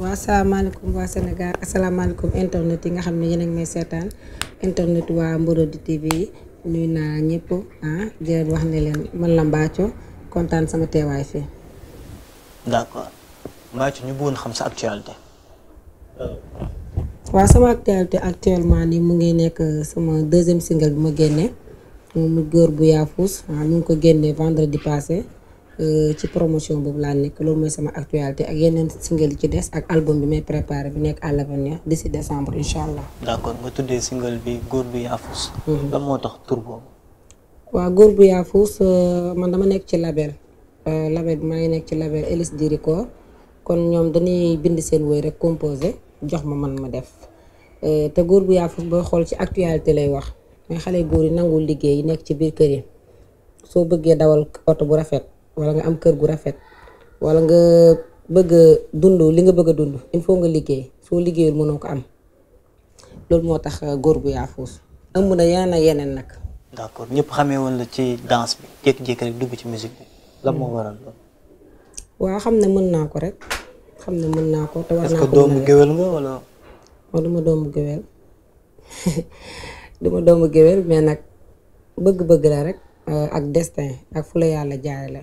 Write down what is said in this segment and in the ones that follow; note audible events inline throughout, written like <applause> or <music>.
wa waa asalaamaaleykum waa Sénégal asalaamaaleykum internet yi nga xam ne yéen a ngi may seetaan internet waa di TV yi na naa ñëpp ah di wax ne leen man la Mbathio kontaan sama teewaay fii. d'accord Mbathio ñu bëggoon xam sa actualité. waaw sama actualité actuellement nii mu ngi nekk euh, sama deuxième single bi ma génne mu góor bu yaafus waaw ah, ko génne vendredi passé. Euh, ci promotion boobu laa nekk loolu mooy sama actualité ak yeneen single yi ci des ak album bi may préparé bi nekk à l'avenir d'ici décembre incha allah. d'accord nga tuddee single bi góor bu yaafus. Mhm. moo tax tur boobu. waaw góor bu yaafus euh, man dama nekk ci label euh, label bi maa ngi nekk ci label Elis Diriko kon ñoom dañuy bind seen woy rek composé jox ma man ma def te góor bu yaafus booy xool ci actualité lay wax mais xale góor yi nangul liggéey yi nekk ci biir kër yi soo bëggee dawal oto bu rafet. wala nga am kër gu rafet wala nga bëgg a li nga bëgg a dund il faut nga liggéey soo liggéeyul mënoo ko am loolu moo tax euh, góor gu yaafuus ëmb na yaa na yeneen nag. d'accord ñëpp xamee woon la ci danse bi jékki-jékki rek dugg ci musique la moo waral loolu. waa xam ne mën naa ko rek xam ne mën naa ko. te war naa ko est-ce que doomu géwél nga wala. duma doomu géwél <laughs> duma doomu géwél mais nag bëgg-bëgg la rek euh, ak destin ak fu la yàlla jaare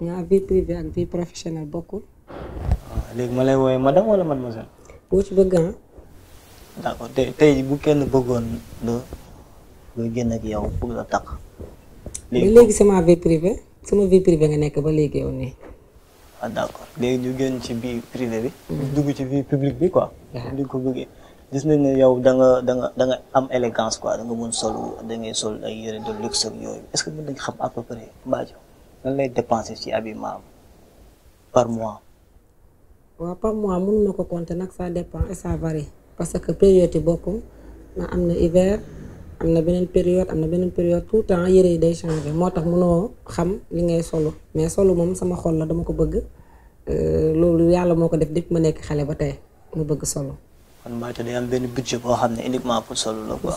ñaa vie privée ak vie professionnelle bokkul. waaw ah, léegi ma lay woowee madame wala mademoiselle. boo ci bëgg ah. d'accord tey tey bu kenn bëggoon la nga génn ak yow pour la tax. léegi léegi sama vie privée sama vie privée nga nekk ba léegi yow nii. ah d'accord léegi ñu génn ci vie privée bi. Hmm. dugg ci vie publique bi quoi. waaw ah. li ko bëggee. gis nañ ne yow da nga da nga da nga am élégance quoi da nga mën solu da ngay sol ay yére de luxe ak yooyu est-ce que mën nañ xam à peu près mbaa lan lay dépenser ci abi maam par mois. wa par mois mënu ma compter nak ça dépend et eh, ça varie parce que période bokum na amna hiver amna benen période amna benen période tout temps yéré day changer motax mëno xam li ngay solo mais solo mom sama xol la dama ko bëgg euh lolu yalla moko def depuis ma nek xalé ba tay mu bëgg solo. kon ma tay day am benn budget bo xamné uniquement pour solo la quoi.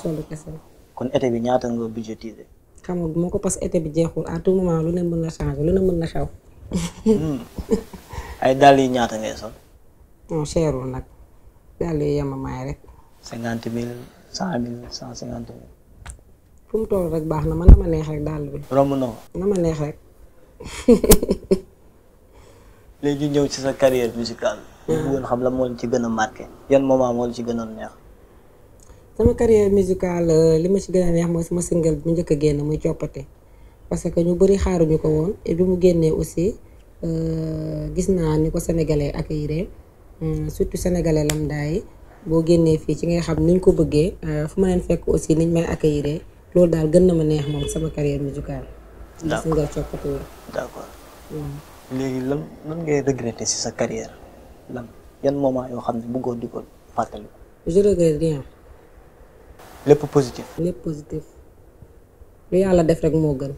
kon été bi ñaata nga budgetiser xam nga bu ko parce que été bi jeexul à tout moment lu ne mën na changer lu ne mën na xew. Hmm. ay dàll yi ñaata ngay sol. non cherul nag dàll yi yemamaay rek. cinquante mille cent mille cent cinquante rek baax na man na ma neex rek dàll bi. romb na ko. na ma neex rek. <laughs> léegi ñëw ci sa carrière musicale. Hmm. ñu bëggoon xam la moo ci gën a marqué yan moment moo ci gënoon neex. sama carrière musicale euh, li ma ci gën a neex mooy sama single bu njëkk a génn muy coppate parce que ñu bëri xaaruñu ko woon te bi mu génnee aussi euh, gis naa ni ko sénégalais accueillir euh, surtout sénégalais lambda yi boo génnee fii ci ngay xam niñ ko bëggee fu ma leen fekk aussi niñ may accueillir loolu daal gën na ma neex moom sama carrière musicale. d' accord single coppate la. léegi lan lan ngay regretter ci sa carrière lan yan moment yoo xam ne bëggoon di ko fàttali. Le positif. Le positif Le yalla def rek moo gën.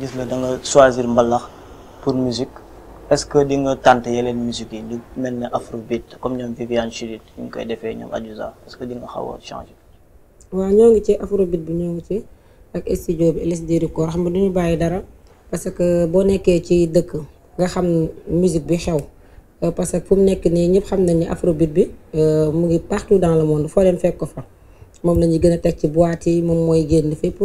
gis la da nga choisir mbalax pour musique est-ce que di nga tenter yeneen musique yi lu mel afrobeat comme ñom Viviane Chidid ñu koy défé ñom Adiouza est-ce que di nga xaw changer. Wa ñoo ngi ci afrobeat bi ñoo ngi ci ak studio bi LSD Record xam nga duñu bàyyi dara parce que boo nekkee ci dëkk nga xam musique bi xew. Euh, parce que fu mu nekk nii xam nañ ni afrobeat bi euh mu ngi partout dans le monde fo dem fekk ko fa mom la gëna tek ci boîte yi mom moy génn fépp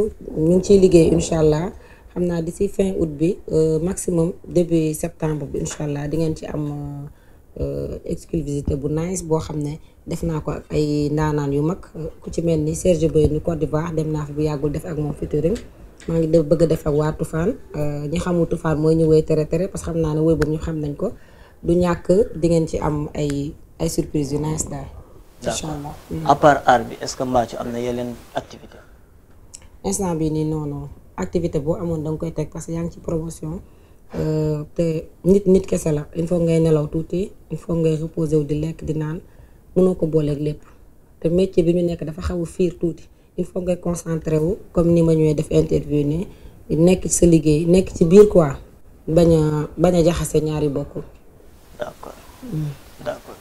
ñu ci liggéey inshallah xamna d'ici fin août bi euh maximum début septembre bi inshallah di ngeen ci am euh, euh exclusivité bu nice bo xam ne def naa ko ak ay ndaanaan yu mag ku ci melni Serge Boye ni Côte d'Ivoire dem na fi bu yagul def ak mom featuring maa ngi def bëgg def ak waa Tufaan euh, ñi xamul Tufaan mooy ñu woy tere tere parce que xam naa ne woy boobu ñu xam nañ ko. du ñàkk di ngeen ci am ay ay surprise yu nice daal allah à part am na yeneen bi nii non non boo amoon da nga koy teg parce que yaa ngi ci euh, te nit nit kese la il faut ngay nelaw tuuti il faut ngay reposer wu di lekk di naan mënoo ko booleeg lépp te métier bi ñu nekk dafa xaw fiir tuuti il faut ngay concentré wu comme ni ma ñëwee def interview nii nekk ci sa liggéey nekk ci biir quoi bañ a bañ a jaxase ñaari bokk d' accord d' accord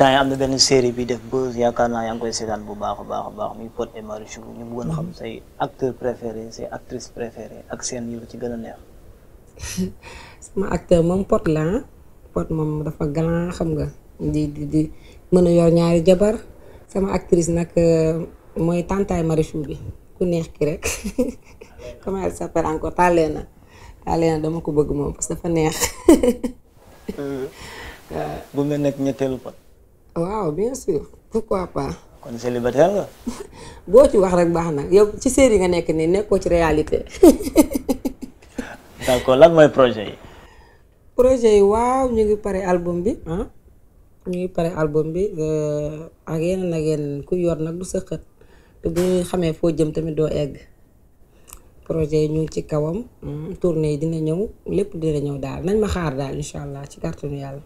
temps yi am na benn série bi def buzz yaakaar naa yaa ngi koy seetaan bu baax a baax a baax muy Pod et Marichou ñu bëggoon xam say acteur préféré say actrice préférée ak seen yu ci gën neex. <laughs> sama acteur moom Pod la ah Pod moom dafa galant xam nga di di di mën a yor ñaari jabar sama actrice nag euh, mooy tantaay Marichou bi ku neex ki rek <laughs> comment elle s'appelle encore Talena Talena dama ko bëgg moom parce que dafa neex. <laughs> Mm-hmm. <laughs> Uh, bu nga nekk ñetteelu pot. waaw bien sûr pourquoi pas. kon célibataire nga. <laughs> boo ci wax rek baax na yow ci série nga nekk nii nekkoo ci réalité. <laughs> d'accord lan mooy projet yi. projet yi waaw ñu ngi pare album bi ah. ñu ngi pare album bi euh, ak yeneen ak yeneen ku yor nag du sëqat te bu xamee foo jëm tamit doo egg. projet yi ñu ngi ci kawam mm, tournée yi dina ñëw lépp dina ñëw daal nañ ma xaar daal incha allah ci kàttanu yàlla.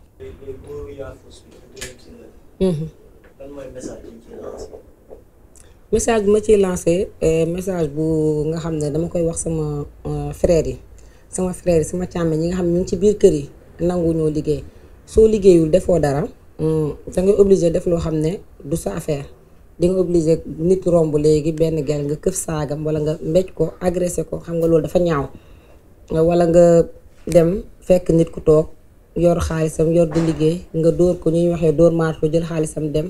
Mm-hmm. message bi ma ciy lancé euh, message bu nga xam ne dama koy wax sama euh, frère yi sama frère yi sama càmm ñi nga xam ne ñu ngi ci biir kër yi ñoo liggéey soo liggéeyul defoo dara mm, da ngay def loo xam ne du sa affaire. di nga obligé nit romb léegi benn gel nga këf saagam wala nga mbej ko agressé ko xam nga loolu dafa ñaaw wala nga dem fekk nit ku toog yor xaalisam yor di liggéey nga dóor ko ñuy waxee dóor marto jël xaalisam dem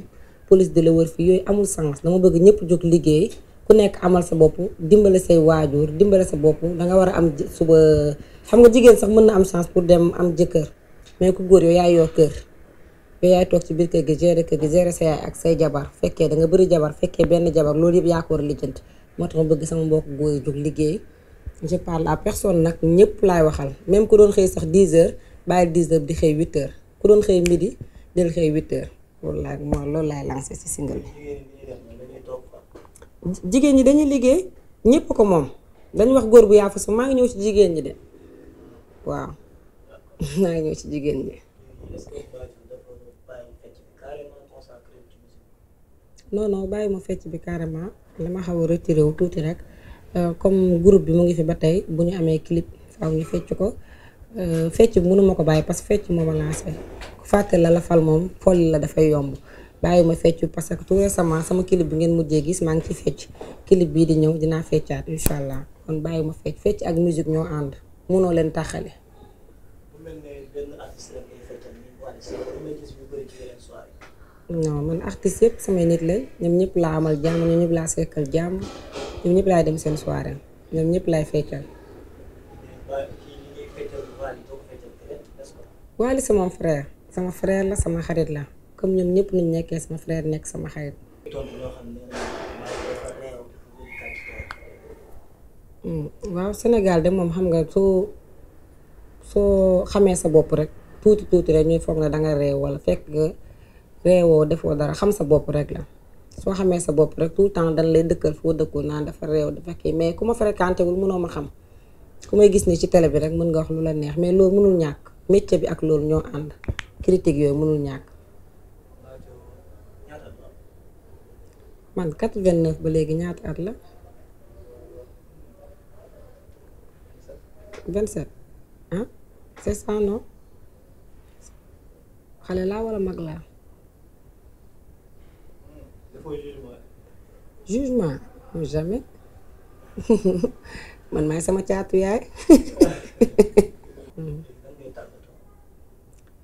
police di la wër fii yooyu amul sens dama bëgg ñëpp jóg liggéey ku nekk amal sa bopp dimbale say waajur dimbale sa bopp danga war a am suba xam nga jigéen sax mën na am chance pour dem am jëkkër mais ku góor yow yaay yor kër yow yaay toog ci biir kër gi gérer kër gi gérer sa yaay ak say jabar fekkee da nga bëri jabar fekkee benn jabar loolu yëpp yaa ko war a lijjanti moo tax ma bëgg sama mbokk góor yi liggéey je parle à personne nag ñëpp laay waxal même ku doon xëy sax 10 heures bàyyi 10 heures di xëy 8 heures ku doon xëy midi del xëy 8 heures loolu laay moo loolu laay lancé si single bi. jigéen ñi dañuy liggéey ñëpp ko moom dañu wax góor bu yaa fa su maa ngi ñëw ci jigéen ñi de waaw <laughs> maa ngi ñëw ci jigéen ñi. non non bàyyi ma fecc bi carrément li ma xaw a wu tuuti rek euh, comme groupe bi mu ngi fi ba tey bu ñu amee clip faaw ñu fecc ko euh, fecc bi mënuma ko bàyyi parce que fecc moo ma lancé ku fàtte la la fal moom folli la dafay yomb bàyyi ma fecc parce que tout récemment sama clip bi ngeen mujjee gis maa ngi ci fecc clip bii di ñëw dinaa feccaat incha allah kon bàyyi ma fecc fecc ak musique ñoo ànd mënoo leen taxale. non man artiste yëpp sama nit la ñom ñëpp la amal jamm ñom ñëpp la sékkal jamm ñom ñëpp lay dem seen soirée ñom ñëpp lay fétal wali sama frère sama frère la sama xarit la comme ñom ñëpp ñu nekkee sama frère nek sama xarit. Hmm, waaw Sénégal de mom xam nga so so xamé sa bop rek tuuti tuuti rek ñuy fogg na da nga réew wala fekk nga. reewoo defoo dara xam sa bopp rek la soo xamee sa bopp rek tout le temps dañ lay dëkkal foo dëkkul naan dafa réew dafa kii mais ku ma fréquenté wul mënoo ma xam ku may gis ni ci télé bi rek mën nga wax lu la neex mais loolu mënul ñàkk métier bi ak loolu ñoo ànd critique yooyu mënul ñàkk. man 89 ba léegi ñaata at la 27 set ah, c'est ça non xale laa wala mag laa. jugement non, jamais <laughs> man maay sama caatu yaay. Eh? <laughs> Hmm. Eh,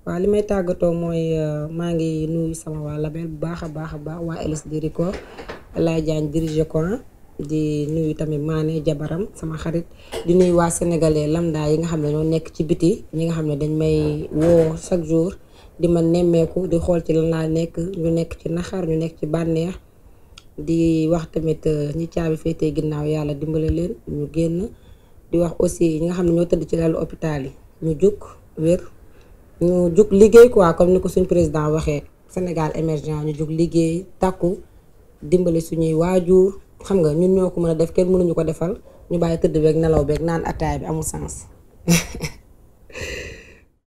wa li may tàggatoo moy maa ngi nuyu sama wa label bu baakha a baax a baax waa LSD Record Laye di nuyu tamit Mané jabaram sama xarit di nuyu wa sénégalais lambda yi nga xamné ne ñoo nekk ci biti ñi nga xamné dañ may wo chaque jour di ma nemmeeku di xol ci lan laa nekk ñu nekk ci naxar ñu nekk ci di wax tamit euh, ñi caabi féete ginnaaw yàlla dimbale leen ñu génn di wax aussi ñi nga xam ne ñoo tëdd ci lalu hôpital yi ñu jug wér ñu jug liggéey quoi comme ni ko suñ président waxee Sénégal émergent ñu jug liggéey tàkku dimbali suñuy waajur xam nga ñun ñoo ko mën a def kenn mënuñu ko defal ñu bàyyi tëdd beeg nelaw beeg naan attaay bi amul sens <laughs>